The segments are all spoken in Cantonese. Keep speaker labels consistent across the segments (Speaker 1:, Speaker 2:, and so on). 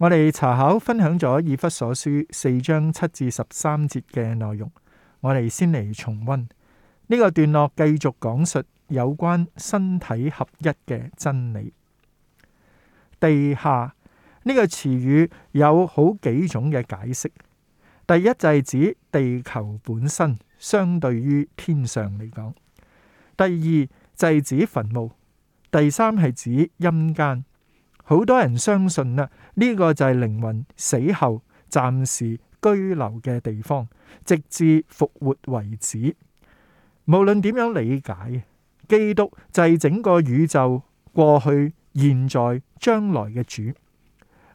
Speaker 1: 我哋查考分享咗《以弗所書》四章七至十三節嘅內容，我哋先嚟重溫呢個段落，繼續講述有關身體合一嘅真理。地下呢個詞語有好幾種嘅解釋，第一就係指地球本身相對於天上嚟講；第二就係指墳墓；第三係指陰間。好多人相信咧，呢、這個就係靈魂死後暫時居留嘅地方，直至復活為止。無論點樣理解，基督就係整個宇宙過去、現在、將來嘅主，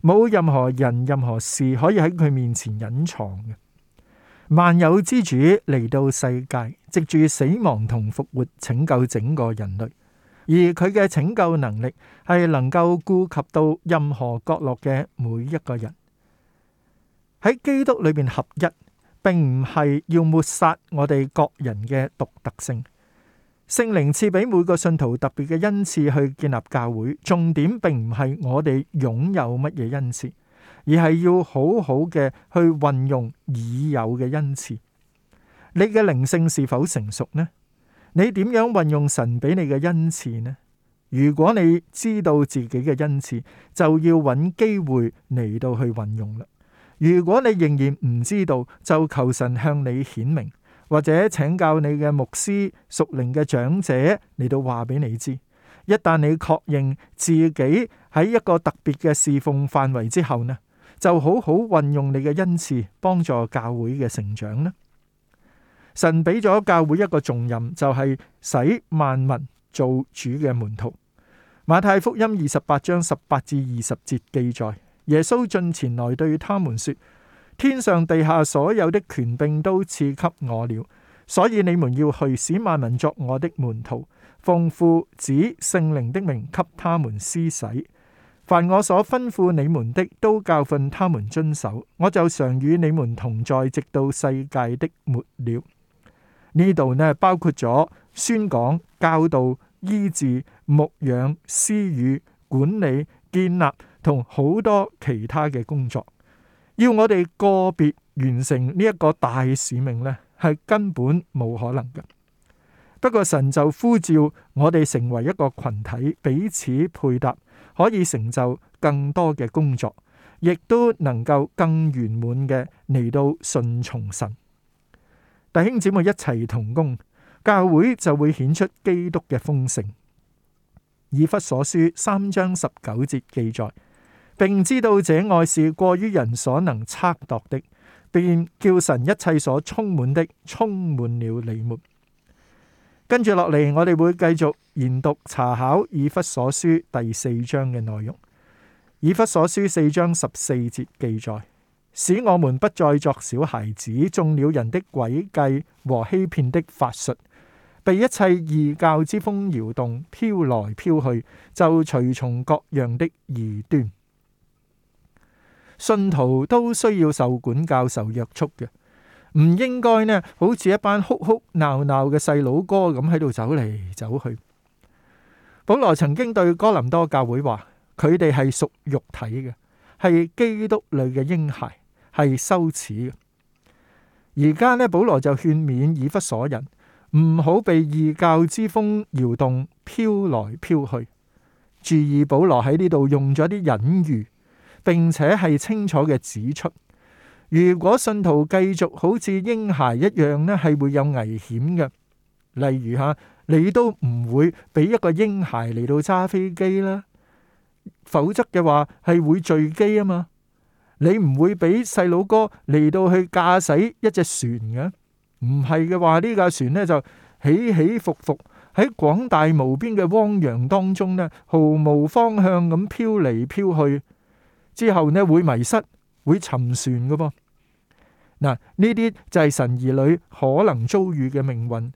Speaker 1: 冇任何人、任何事可以喺佢面前隱藏。萬有之主嚟到世界，藉住死亡同復活拯救整個人類。而佢嘅拯救能力係能夠顧及到任何角落嘅每一個人，喺基督裏邊合一，並唔係要抹殺我哋各人嘅獨特性。聖靈賜俾每個信徒特別嘅恩賜去建立教會，重點並唔係我哋擁有乜嘢恩賜，而係要好好嘅去運用已有嘅恩賜。你嘅靈性是否成熟呢？你點樣運用神俾你嘅恩賜呢？如果你知道自己嘅恩賜，就要揾機會嚟到去運用啦。如果你仍然唔知道，就求神向你顯明，或者請教你嘅牧師、屬靈嘅長者嚟到話俾你知。一旦你確認自己喺一個特別嘅侍奉範圍之後呢，就好好運用你嘅恩賜，幫助教會嘅成長呢？神俾咗教會一個重任，就係使萬民做主嘅門徒。馬太福音二十八章十八至二十節記載，耶穌進前來對他們說：天上地下所有的權柄都賜給我了，所以你們要去，使萬民作我的門徒，奉父子聖靈的名給他們施洗，凡我所吩咐你們的，都教訓他們遵守。我就常與你們同在，直到世界的末了。呢度呢，包括咗宣講、教導、醫治、牧養、施予、管理、建立同好多其他嘅工作。要我哋個別完成呢一個大使命呢，係根本冇可能嘅。不過神就呼召我哋成為一個群體，彼此配搭，可以成就更多嘅工作，亦都能夠更圓滿嘅嚟到順從神。弟兄姊妹一齊同工，教會就會顯出基督嘅豐盛。以弗所書三章十九節記載，並知道這愛是過於人所能測度的，便叫神一切所充滿的充滿了你們。跟住落嚟，我哋會繼續研讀查考以弗所書第四章嘅內容。以弗所書四章十四節記載。使我們不再作小孩子，中了人的詭計和欺騙的法術，被一切異教之風搖動，飄來飄去，就隨從各樣的異端。信徒都需要受管教、受約束嘅，唔應該呢，好似一班哭哭鬧鬧嘅細佬哥咁喺度走嚟走去。保羅曾經對哥林多教會話：佢哋係屬肉體嘅，係基督裏嘅嬰孩。係羞恥嘅。而家呢，保羅就勸勉以弗所人唔好被異教之風搖動，飄來飄去。注意，保羅喺呢度用咗啲隱喻，並且係清楚嘅指出：如果信徒繼續好似嬰孩一樣呢，係會有危險嘅。例如吓，你都唔會俾一個嬰孩嚟到揸飛機啦，否則嘅話係會墜機啊嘛。你唔會俾細佬哥嚟到去駕駛一隻船嘅，唔係嘅話呢架船呢就起起伏伏喺廣大無邊嘅汪洋當中呢，毫無方向咁飄嚟飄去，之後呢會迷失，會沉船嘅噃。嗱，呢啲就係神兒女可能遭遇嘅命運，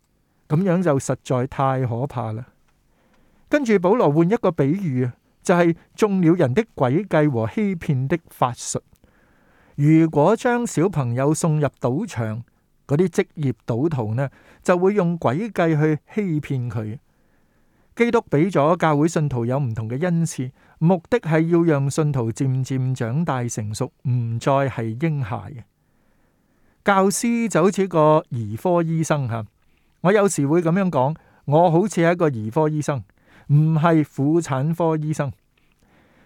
Speaker 1: 咁樣就實在太可怕啦。跟住保羅換一個比喻啊。就係中了人的詭計和欺騙的法術。如果將小朋友送入賭場，嗰啲職業賭徒呢就會用詭計去欺騙佢。基督俾咗教會信徒有唔同嘅恩賜，目的係要讓信徒漸漸長大成熟，唔再係嬰孩。教師就好似個兒科醫生啊，我有時會咁樣講，我好似係一個兒科醫生。唔係婦產科醫生，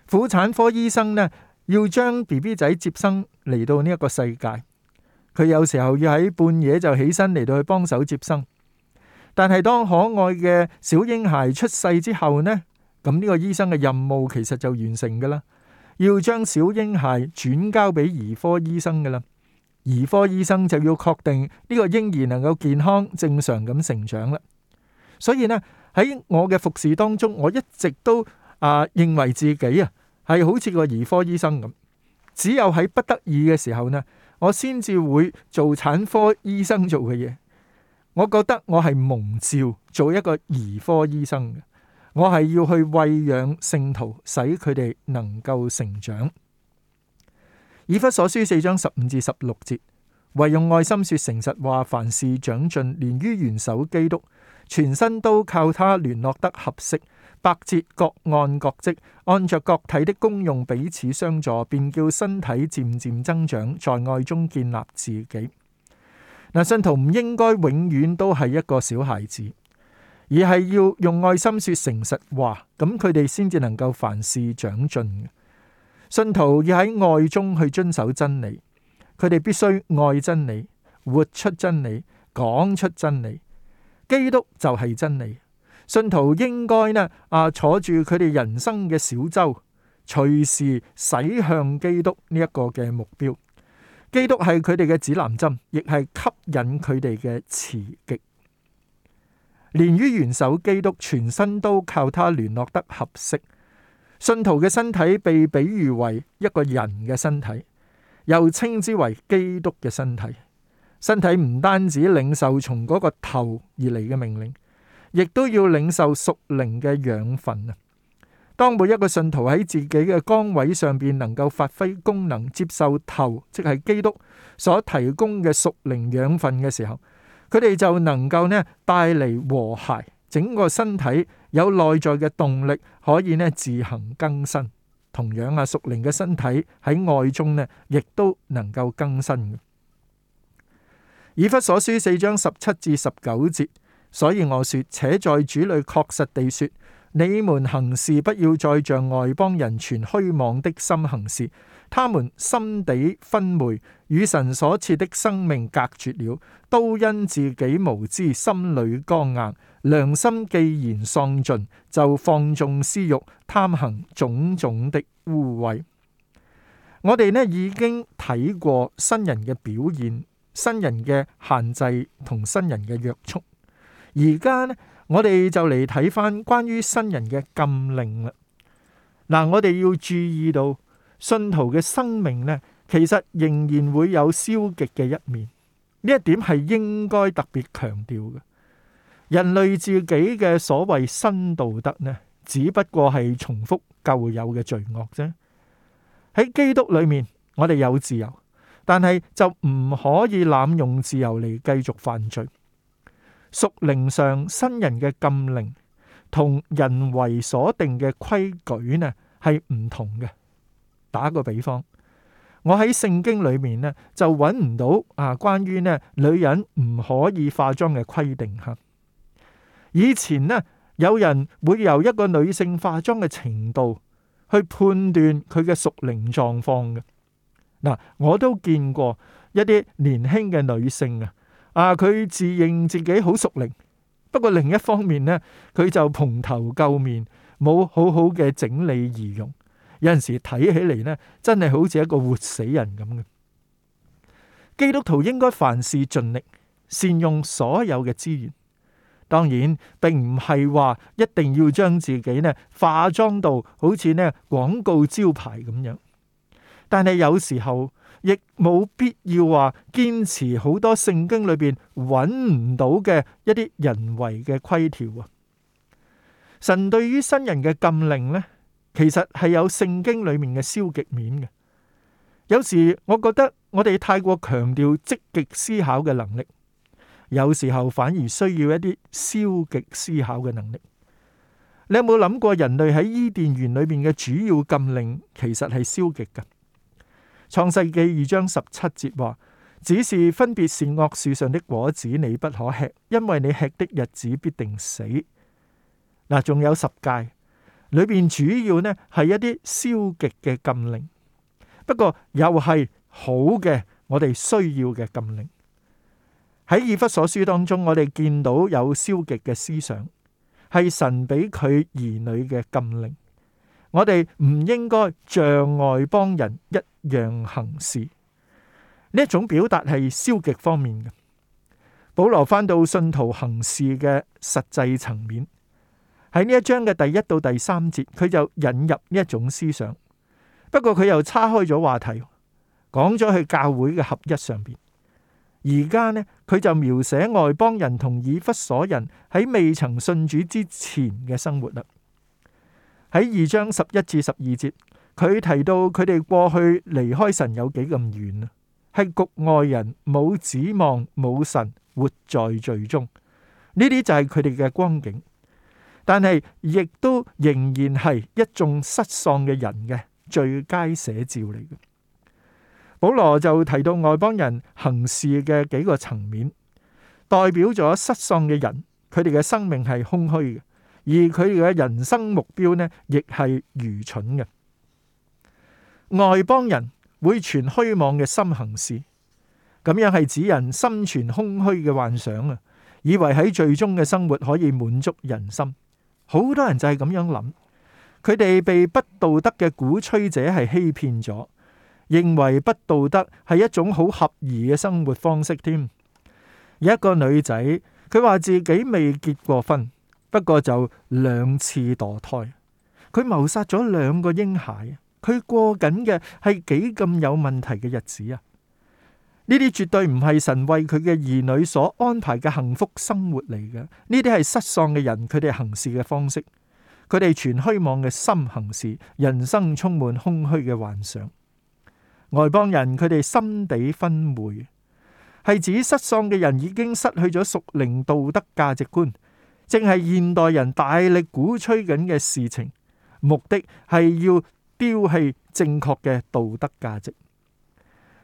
Speaker 1: 婦產科醫生呢要將 BB 仔接生嚟到呢一個世界，佢有時候要喺半夜就起身嚟到去幫手接生。但係當可愛嘅小嬰孩出世之後呢，咁呢個醫生嘅任務其實就完成㗎喇，要將小嬰孩轉交俾兒科醫生㗎喇，兒科醫生就要確定呢個嬰兒能夠健康正常咁成長啦。所以呢。喺我嘅服侍當中，我一直都啊認為自己啊係好似個兒科醫生咁，只有喺不得已嘅時候呢，我先至會做產科醫生做嘅嘢。我覺得我係蒙召做一個兒科醫生嘅，我係要去餵養聖徒，使佢哋能夠成長。以弗所書四章十五至十六節，唯用愛心說誠實話，凡事長進，連於元首基督。全身都靠他聯絡得合適，百節各按各職，按着各體的功用彼此相助，便叫身體漸漸增長，在愛中建立自己。嗱，信徒唔應該永遠都係一個小孩子，而係要用愛心說誠實話，咁佢哋先至能夠凡事長進。信徒要喺愛中去遵守真理，佢哋必須愛真理，活出真理，講出真理。基督就係真理，信徒應該呢啊坐住佢哋人生嘅小舟，隨時駛向基督呢一個嘅目標。基督係佢哋嘅指南針，亦係吸引佢哋嘅磁極。連於元首基督，全身都靠他聯絡得合適。信徒嘅身體被比喻為一個人嘅身體，又稱之為基督嘅身體。身體唔單止領受從嗰個頭而嚟嘅命令，亦都要領受屬靈嘅養分啊！當每一個信徒喺自己嘅崗位上邊能夠發揮功能、接受頭，即係基督所提供嘅屬靈養分嘅時候，佢哋就能夠呢帶嚟和諧，整個身體有內在嘅動力，可以呢自行更新。同樣啊，屬靈嘅身體喺愛中呢，亦都能夠更新嘅。以弗所書四章十七至十九節，所以我說，且在主裡確實地說，你們行事不要再像外邦人存虛妄的心行事，他們心地昏昧，與神所賜的生命隔絕了，都因自己無知，心裡剛硬，良心既然喪盡，就放縱私慾，貪行種種的污穢。我哋呢已經睇過新人嘅表現。新人嘅限制同新人嘅約束，而家呢，我哋就嚟睇翻關於新人嘅禁令啦。嗱，我哋要注意到，信徒嘅生命呢，其實仍然會有消極嘅一面，呢一點係應該特別強調嘅。人類自己嘅所謂新道德呢，只不過係重複舊有嘅罪惡啫。喺基督裏面，我哋有自由。但係就唔可以濫用自由嚟，繼續犯罪。屬靈上新人嘅禁令同人為所定嘅規矩呢，係唔同嘅。打個比方，我喺聖經裏面呢就揾唔到啊，關於呢女人唔可以化妝嘅規定吓。以前呢，有人會由一個女性化妝嘅程度去判斷佢嘅屬靈狀況嘅。嗱，我都見過一啲年輕嘅女性啊，啊，佢自認自己好熟齡，不過另一方面咧，佢就蓬頭垢面，冇好好嘅整理儀容，有陣時睇起嚟咧，真係好似一個活死人咁嘅。基督徒應該凡事盡力，善用所有嘅資源。當然並唔係話一定要將自己咧化妝到好似咧廣告招牌咁樣。但係有時候亦冇必要話堅持好多聖經裏邊揾唔到嘅一啲人為嘅規條啊。神對於新人嘅禁令呢，其實係有聖經裏面嘅消極面嘅。有時我覺得我哋太過強調積極思考嘅能力，有時候反而需要一啲消極思考嘅能力。你有冇諗過人類喺伊甸園裏面嘅主要禁令其實係消極嘅？創世記二章十七節話：只是分別善惡樹上的果子你不可吃，因為你吃的日子必定死。嗱，仲有十戒，裏邊主要呢係一啲消極嘅禁令，不過又係好嘅，我哋需要嘅禁令。喺以弗所書當中，我哋見到有消極嘅思想，係神俾佢兒女嘅禁令。我哋唔應該像外邦人一樣行事，呢一種表達係消極方面嘅。保羅翻到信徒行事嘅實際層面，喺呢一章嘅第一到第三節，佢就引入呢一種思想。不過佢又岔開咗話題，講咗去教會嘅合一上邊。而家呢，佢就描寫外邦人同以弗所人喺未曾信主之前嘅生活啦。喺二章十一至十二節，佢提到佢哋過去離開神有幾咁遠啊，係局外人，冇指望，冇神活在罪中。呢啲就係佢哋嘅光景，但係亦都仍然係一眾失喪嘅人嘅最佳寫照嚟嘅。保羅就提到外邦人行事嘅幾個層面，代表咗失喪嘅人，佢哋嘅生命係空虛嘅。而佢嘅人生目標呢，亦係愚蠢嘅。外邦人會存虛妄嘅心行事，咁樣係指人心存空虛嘅幻想啊，以為喺最終嘅生活可以滿足人心。好多人就係咁樣諗，佢哋被不道德嘅鼓吹者係欺騙咗，認為不道德係一種好合宜嘅生活方式添。有一個女仔，佢話自己未結過婚。不過就兩次墮胎，佢謀殺咗兩個嬰孩，佢過緊嘅係幾咁有問題嘅日子啊！呢啲絕對唔係神為佢嘅兒女所安排嘅幸福生活嚟嘅，呢啲係失喪嘅人佢哋行事嘅方式，佢哋全虛妄嘅心行事，人生充滿空虛嘅幻想。外邦人佢哋心地昏昧，係指失喪嘅人已經失去咗屬靈道德價值觀。正係現代人大力鼓吹緊嘅事情，目的係要丟棄正確嘅道德價值，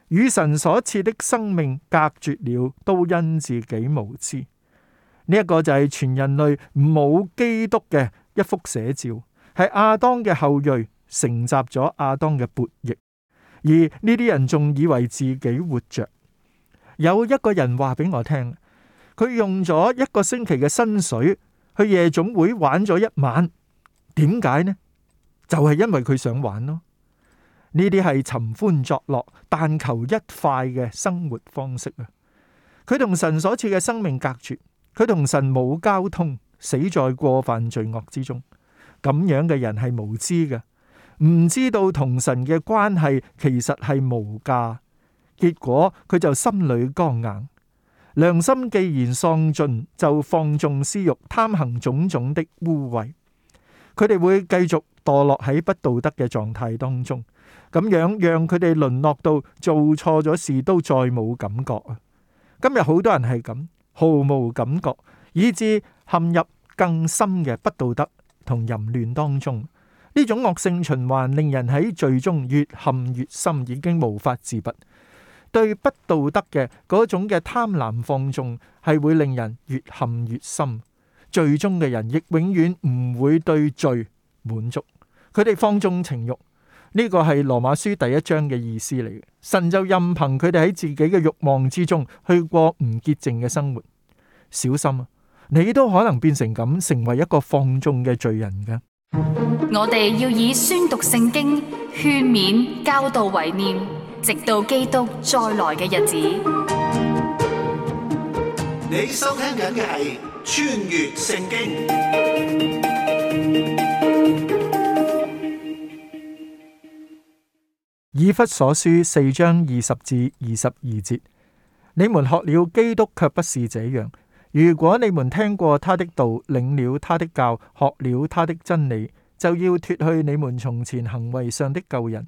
Speaker 1: 與神所賜的生命隔絕了，都因自己無知。呢、這、一個就係全人類冇基督嘅一幅寫照，係亞當嘅後裔承襲咗亞當嘅薄翼，而呢啲人仲以為自己活着。有一個人話俾我聽。佢用咗一個星期嘅薪水去夜總會玩咗一晚，點解呢？就係因為佢想玩咯。呢啲係尋歡作樂，但求一快嘅生活方式啊！佢同神所處嘅生命隔絕，佢同神冇交通，死在過犯罪惡之中。咁樣嘅人係無知嘅，唔知道同神嘅關係其實係無價。結果佢就心裏剛硬。良心既然喪盡，就放縱私欲，貪行種種的污穢，佢哋會繼續墮落喺不道德嘅狀態當中，咁樣讓佢哋淪落到做錯咗事都再冇感覺啊！今日好多人係咁毫無感覺，以致陷入更深嘅不道德同淫亂當中，呢種惡性循環令人喺罪中越陷越深，已經無法自拔。對不道德嘅嗰種嘅貪婪放縱，係會令人越陷越深，最終嘅人亦永遠唔會對罪滿足。佢哋放縱情欲，呢、這個係羅馬書第一章嘅意思嚟。神就任憑佢哋喺自己嘅欲望之中去過唔潔淨嘅生活。小心啊，你都可能變成咁，成為一個放縱嘅罪人嘅。我哋要以宣讀聖經、勸勉、教導為念。直到基督再來嘅日子。你收聽緊嘅係《穿越聖經》。以弗所書四章二十至二十二節，你們學了基督，却不是這樣。如果你們聽過他的道，領了他的教，學了他的真理，就要脱去你們從前行為上的舊人。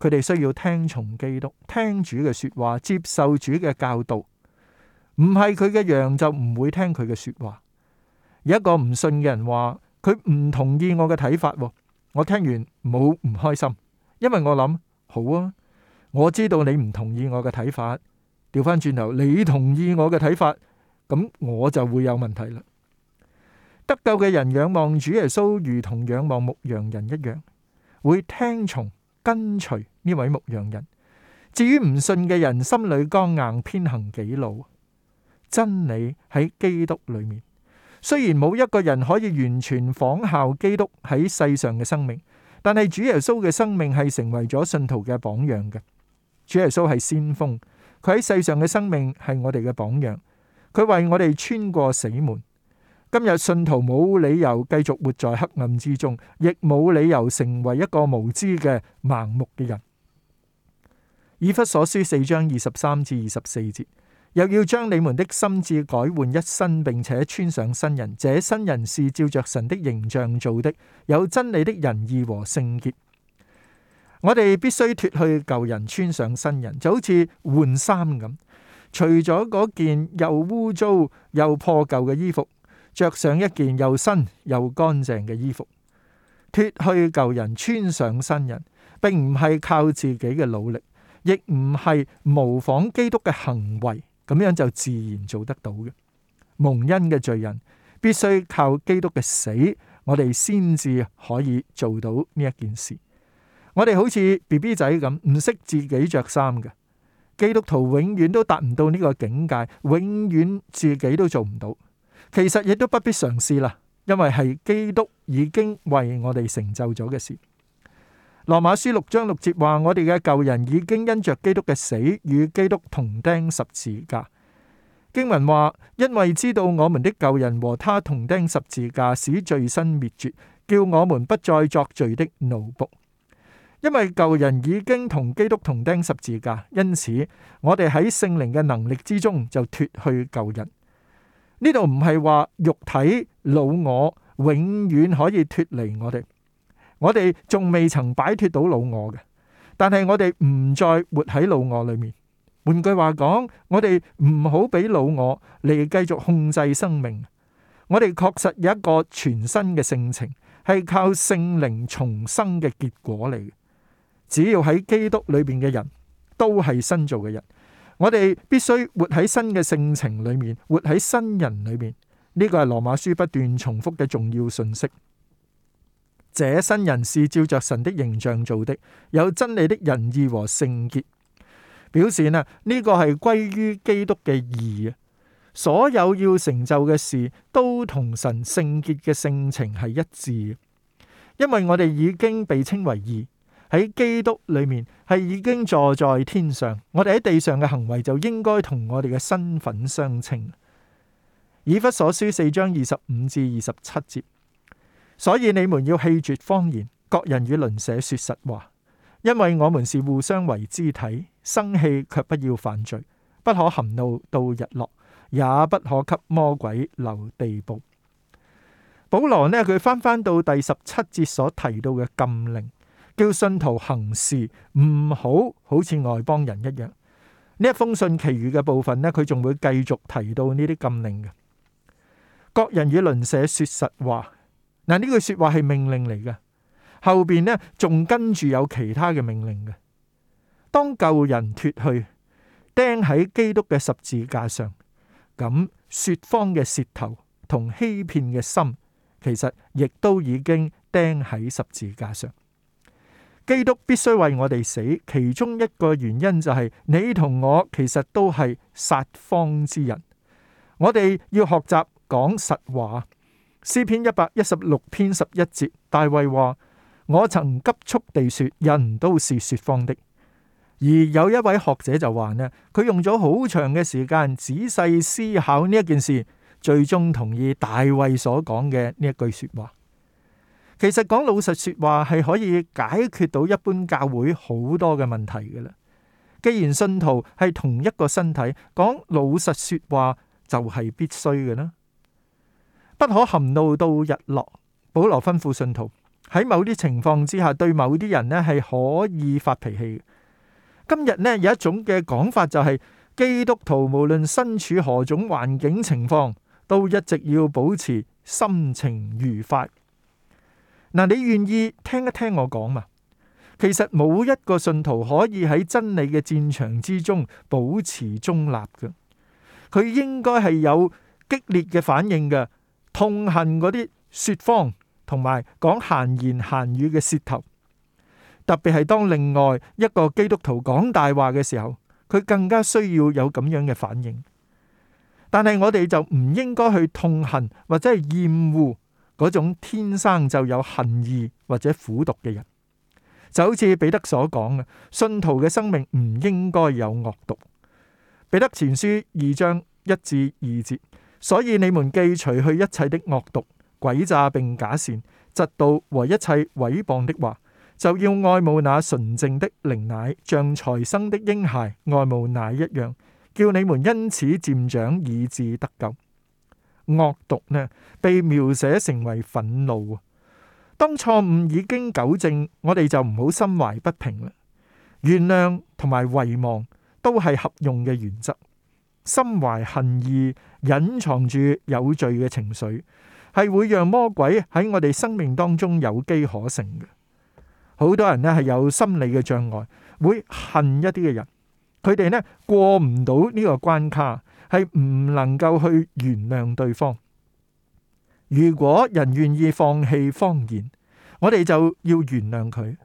Speaker 1: 佢哋需要聽從基督，聽主嘅說話，接受主嘅教導，唔係佢嘅羊就唔會聽佢嘅說話。有一個唔信嘅人話佢唔同意我嘅睇法，我聽完冇唔開心，因為我諗，好啊，我知道你唔同意我嘅睇法，掉返轉頭你同意我嘅睇法，咁我就會有問題啦。得救嘅人仰望主耶穌，如同仰望牧羊人一樣，會聽從。跟隨呢位牧羊人，至於唔信嘅人，心裏剛硬，偏行己路。真理喺基督裏面，雖然冇一個人可以完全仿效基督喺世上嘅生命，但係主耶穌嘅生命係成為咗信徒嘅榜樣嘅。主耶穌係先鋒，佢喺世上嘅生命係我哋嘅榜樣，佢為我哋穿過死門。今日信徒冇理由繼續活在黑暗之中，亦冇理由成為一個無知嘅、盲目嘅人。以弗所書四章二十三至二十四節，又要將你們的心智改換一身，並且穿上新人。這新人是照着神的形象做的，有真理的仁義和聖潔。我哋必須脫去舊人，穿上新人，就好似換衫咁，除咗嗰件又污糟又破舊嘅衣服。着上一件又新又乾淨嘅衣服，脫去舊人，穿上新人，並唔係靠自己嘅努力，亦唔係模仿基督嘅行為，咁樣就自然做得到嘅。蒙恩嘅罪人必須靠基督嘅死，我哋先至可以做到呢一件事。我哋好似 BB 仔咁，唔識自己着衫嘅基督徒，永遠都達唔到呢個境界，永遠自己都做唔到。其實亦都不必嘗試啦，因為係基督已經為我哋成就咗嘅事。羅馬書六章六節話：我哋嘅舊人已經因着基督嘅死與基督同釘十字架。經文話：因為知道我們的舊人和他同釘十字架，使罪身滅絕，叫我們不再作罪的奴僕。因為舊人已經同基督同釘十字架，因此我哋喺聖靈嘅能力之中就脱去舊人。呢度唔係話肉體老我永遠可以脫離我哋，我哋仲未曾擺脫到老我嘅，但係我哋唔再活喺老我裏面。換句話講，我哋唔好俾老我嚟繼續控制生命。我哋確實有一個全新嘅性情，係靠聖靈重生嘅結果嚟。只要喺基督裏面嘅人都係新造嘅人。我哋必須活喺新嘅性情裏面，活喺新人裏面。呢、這個係羅馬書不斷重複嘅重要信息。這新人是照着神的形象造的，有真理的仁義和聖潔。表示呢，呢、這個係歸於基督嘅義啊！所有要成就嘅事都同神聖潔嘅性情係一致，因為我哋已經被稱為義。喺基督裏面係已經坐在天上，我哋喺地上嘅行為就應該同我哋嘅身份相稱。以弗所書四章二十五至二十七節，所以你們要棄絕謊言，各人與鄰舍說實話，因為我們是互相為肢體，生氣卻不要犯罪，不可含怒到日落，也不可給魔鬼留地步。保羅呢，佢翻返到第十七節所提到嘅禁令。叫信徒行事唔好好似外邦人一樣。呢一封信其餘嘅部分呢，佢仲會繼續提到呢啲禁令嘅。各人與鄰舍說實話嗱，呢句說話係命令嚟嘅。後邊呢仲跟住有其他嘅命令嘅。當舊人脫去釘喺基督嘅十字架上，咁說謊嘅舌頭同欺騙嘅心，其實亦都已經釘喺十字架上。基督必須為我哋死，其中一個原因就係、是、你同我其實都係撒謊之人。我哋要學習講實話。詩篇一百一十六篇十一節，大衛話：我曾急速地說，人都是說謊的。而有一位學者就話咧，佢用咗好長嘅時間仔細思考呢一件事，最終同意大衛所講嘅呢一句說話。其實講老實說話係可以解決到一般教會好多嘅問題㗎喇。既然信徒係同一個身體，講老實說話就係必須嘅啦，不可含怒到日落。保羅吩咐信徒喺某啲情況之下，對某啲人呢係可以發脾氣。今日呢有一種嘅講法就係：基督徒無論身處何種環境情況，都一直要保持心情愉快。嗱，你願意聽一聽我講嘛？其實冇一個信徒可以喺真理嘅戰場之中保持中立嘅，佢應該係有激烈嘅反應嘅，痛恨嗰啲說謊同埋講閒言閒語嘅舌頭，特別係當另外一個基督徒講大話嘅時候，佢更加需要有咁樣嘅反應。但係我哋就唔應該去痛恨或者係厭惡。嗰種天生就有恨意或者苦毒嘅人，就好似彼得所講嘅，信徒嘅生命唔應該有惡毒。彼得前書二章一至二節，所以你們既除去一切的惡毒、詭詐並假善、嫉妒和一切毀謗的話，就要愛慕那純淨的靈奶，像才生的嬰孩愛慕奶一樣，叫你們因此漸長，以致得救。惡毒呢，被描寫成為憤怒啊！當錯誤已經糾正，我哋就唔好心懷不平啦。原諒同埋遺忘都係合用嘅原則。心懷恨意，隱藏住有罪嘅情緒，係會讓魔鬼喺我哋生命當中有機可乘嘅。好多人呢，係有心理嘅障礙，會恨一啲嘅人，佢哋呢，過唔到呢個關卡。係唔能夠去原諒對方。如果人願意放棄謊言，我哋就要原諒佢，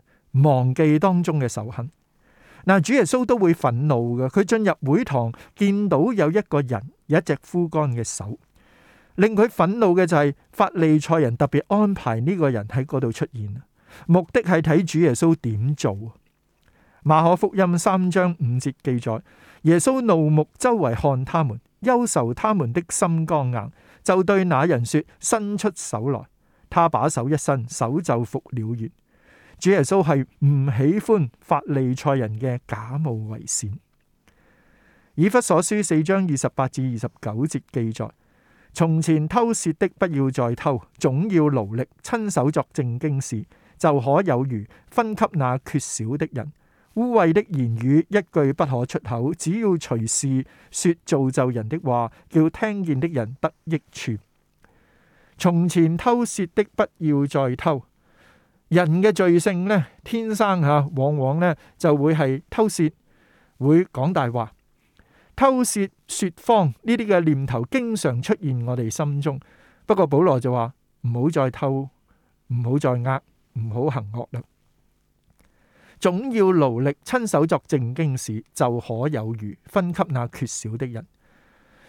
Speaker 1: 忘記當中嘅仇恨。嗱，主耶穌都會憤怒嘅。佢進入會堂，見到有一個人有一隻枯乾嘅手，令佢憤怒嘅就係法利賽人特別安排呢個人喺嗰度出現，目的係睇主耶穌點做。馬可福音三章五節記載。耶穌怒目周圍看他們，憂愁他們的心剛硬，就對那人說：伸出手來。他把手一伸，手就復了原。主耶穌係唔喜歡法利賽人嘅假冒為善。以弗所書四章二十八至二十九節記載：從前偷竊的不要再偷，總要勞力親手作正經事，就可有餘分給那缺少的人。污穢的言語一句不可出口，只要隨時說造就人的話，叫聽見的人得益處。從前偷竊的不要再偷。人嘅罪性呢，天生吓、啊，往往呢就會係偷竊，會講大話，偷竊說謊呢啲嘅念頭經常出現我哋心中。不過保羅就話唔好再偷，唔好再呃，唔好行惡啦。總要勞力親手作正經事，就可有餘分給那缺少的人。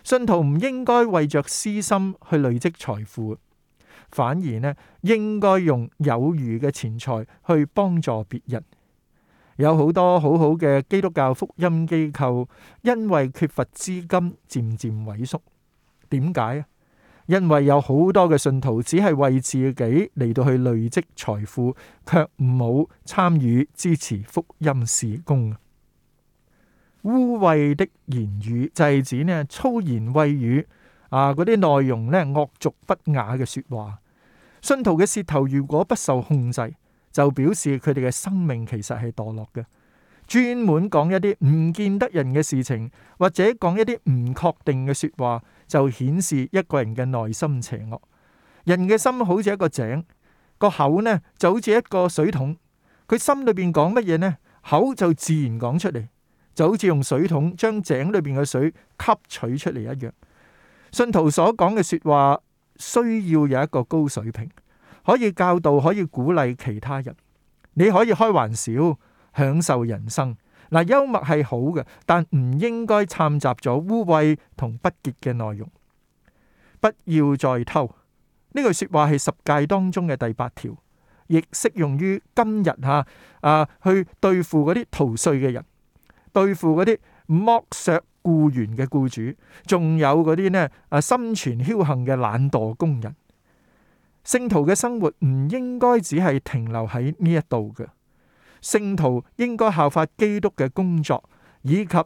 Speaker 1: 信徒唔應該為着私心去累積財富，反而呢應該用有餘嘅錢財去幫助別人。有好多好好嘅基督教福音機構，因為缺乏資金，漸漸萎縮。點解啊？因為有好多嘅信徒只係為自己嚟到去累積財富，卻唔好參與支持福音事工。污穢的言語就係、是、指粗言穢語啊，嗰啲內容咧惡俗不雅嘅說話。信徒嘅舌頭如果不受控制，就表示佢哋嘅生命其實係墮落嘅。專門講一啲唔見得人嘅事情，或者講一啲唔確定嘅說話。就顯示一個人嘅內心邪惡。人嘅心好似一個井，個口呢就好似一個水桶。佢心裏邊講乜嘢呢？口就自然講出嚟，就好似用水桶將井裏邊嘅水吸取出嚟一樣。信徒所講嘅說話需要有一個高水平，可以教導，可以鼓勵其他人。你可以開玩笑，享受人生。嗱，幽默係好嘅，但唔應該摻雜咗污穢同不潔嘅內容。不要再偷，呢句說話係十誡當中嘅第八條，亦適用於今日吓啊，去對付嗰啲逃稅嘅人，對付嗰啲剝削僱員嘅僱主，仲有嗰啲呢啊心存僥倖嘅懶惰工人。聖徒嘅生活唔應該只係停留喺呢一度嘅。聖徒應該效法基督嘅工作，以及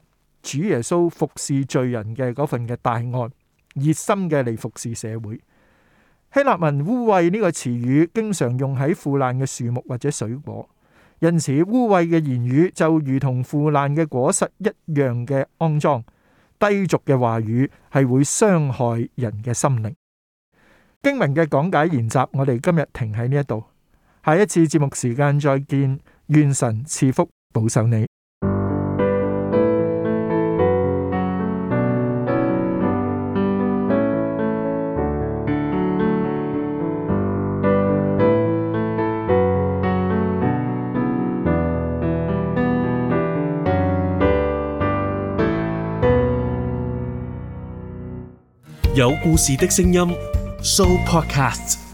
Speaker 1: 主耶穌服侍罪人嘅嗰份嘅大愛，熱心嘅嚟服侍社會。希臘文污穢呢個詞語經常用喺腐爛嘅樹木或者水果，因此污穢嘅言語就如同腐爛嘅果實一樣嘅骯髒低俗嘅話語係會傷害人嘅心靈。經文嘅講解研習，我哋今日停喺呢一度，下一次節目時間再見。願神賜福保守你。有故事的聲音，Sooo Podcast。